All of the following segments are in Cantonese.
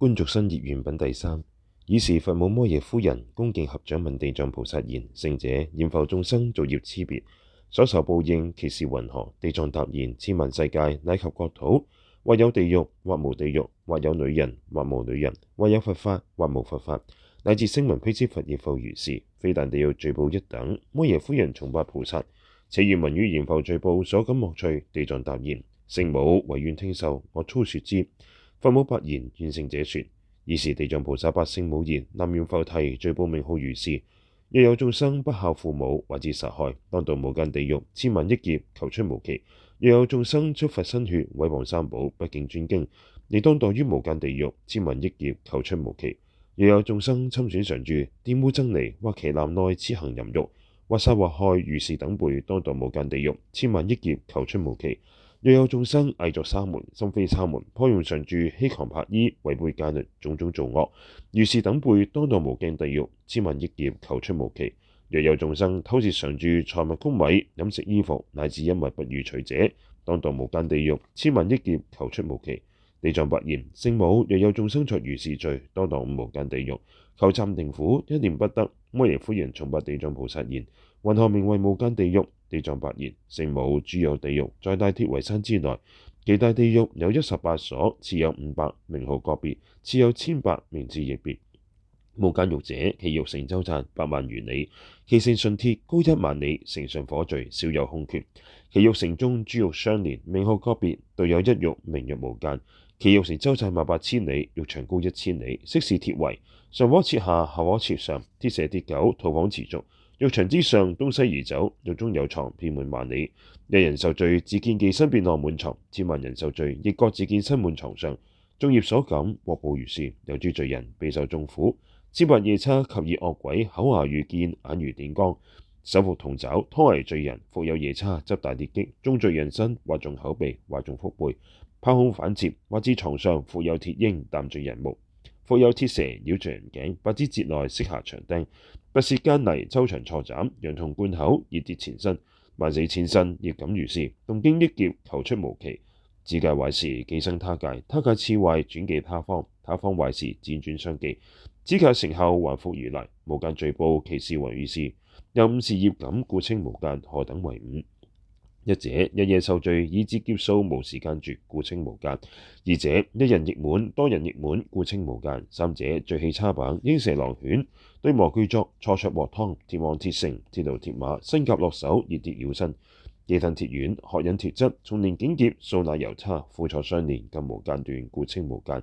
觀眾生業緣品第三，爾時佛母摩耶夫人恭敬合掌問地藏菩薩言：聖者，閻浮眾生造業差別所受報應，其事云何？地藏答言：千萬世界乃及國土，或有地獄，或無地獄；或有女人，或無女人；或有佛法，或無佛法。乃至聲聞、辟支佛亦復如是。非但地獄罪報一等。摩耶夫人重白菩薩，且願聞於閻浮罪報所感惡趣。地藏答言：聖母，唯願聽受，我粗說之。佛母白言，願聖者說。爾時地藏菩薩白聖母言：南閻浮提，罪報名號如是。若有眾生不孝父母，或至殺害，當墮無間地獄，千萬億劫，求出無期。若有眾生出佛身血，毀謗三寶，不敬尊經，亦當墮於無間地獄，千萬億劫，求出無期。若有眾生侵損常住，玷污僧尼，或伽藍內恣行淫欲，或殺或害，如是等輩，當墮無間地獄，千萬億劫，求出無期。若有眾生偽作沙門，心非沙門，破用常住，欺誑白衣，違背戒律，種種造惡，如是等輩，當墮無，無間地獄，千萬億劫求出無期。若有眾生偷竊常住財物、穀米、飲食、衣服，乃至一物不與取者，當墮無間地獄，千萬億劫求出無期。地藏白言：聖母，若有眾生作如是罪，當墮五無間地獄，求暫定苦，一念不得。摩耶夫人重白地藏菩薩言，云何名為無間地獄？地藏白言：聖母，諸有地獄，在大鐵圍山之內，其大地獄有一十八所，次有五百名號各別，次有千百名字亦別。無間獄者，其獄城周匝八萬餘里，其城純鐵高一萬里，城上火聚，少有空缺。其獄城中諸獄相連，名號各別，獨有一獄名曰無間。其獄城周匝萬八千里，獄牆高一千里，悉是鐵圍，上火徹下，下火徹上，鐵蛇鐵狗，吐火馳逐。浴牆之上，東西而走，獄中有床，遍滿萬里。一人受罪，自見其身遍臥滿床；千萬人受罪，亦各自見身滿床上。眾業所感，獲報如是。又諸罪人，備受眾苦。千百夜叉及以惡鬼，口牙如劍，眼如電光，手復銅爪，拖拽罪人，復有夜叉執大鐵戟，中罪人身，或中口鼻，或中腹背，拋空翻接，或置床上，復有鐵鷹啗罪人目。復有鐵蛇絞罪人頸，百肢節內，悉下長釘，拔舌耕犁，抽腸剉斬，烊銅灌口，熱鐵纏身，萬死千生，業感如是。動經億劫求出無期，此界壞時寄生他界，他界次壞轉寄他方，他方壞時輾轉相寄，此界成後，還復而來，無間罪報其事為如是。又五事業感故稱無間，何等為五。一者日夜受罪，以至劫數無時間絕，故稱無間；二者一人亦滿，多人亦滿，故稱無間；三者罪器叉棒，鷹蛇狼犬，碓磨鋸鑿，剉斫鑊湯，鐵網鐵繩，鐵驢鐵馬，生革絡首，熱鐵澆身，飢吞鐵丸，渴飲鐵汁，從年竟劫，數那由他，苦楚相連，更無間斷，故稱無間；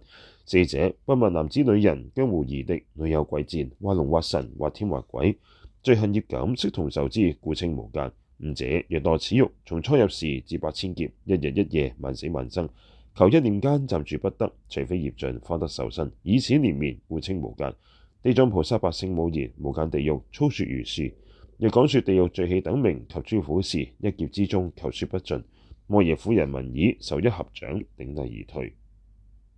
四者不問男子女人，羌胡夷狄，老幼貴賤，或龍或神，或天或鬼，罪行業感，悉同受之，故稱無間。五者若墮此獄，從初入時至百千劫，一日一夜萬死萬生，求一念間暫住不得，除非業盡方得受生。以此連綿故稱無間，地藏菩薩白聖母言：無間地獄粗說如是，若廣說地獄罪器等名及諸苦事，一劫之中求說不盡。摩耶夫人聞已，愁憂合掌，頂禮而退。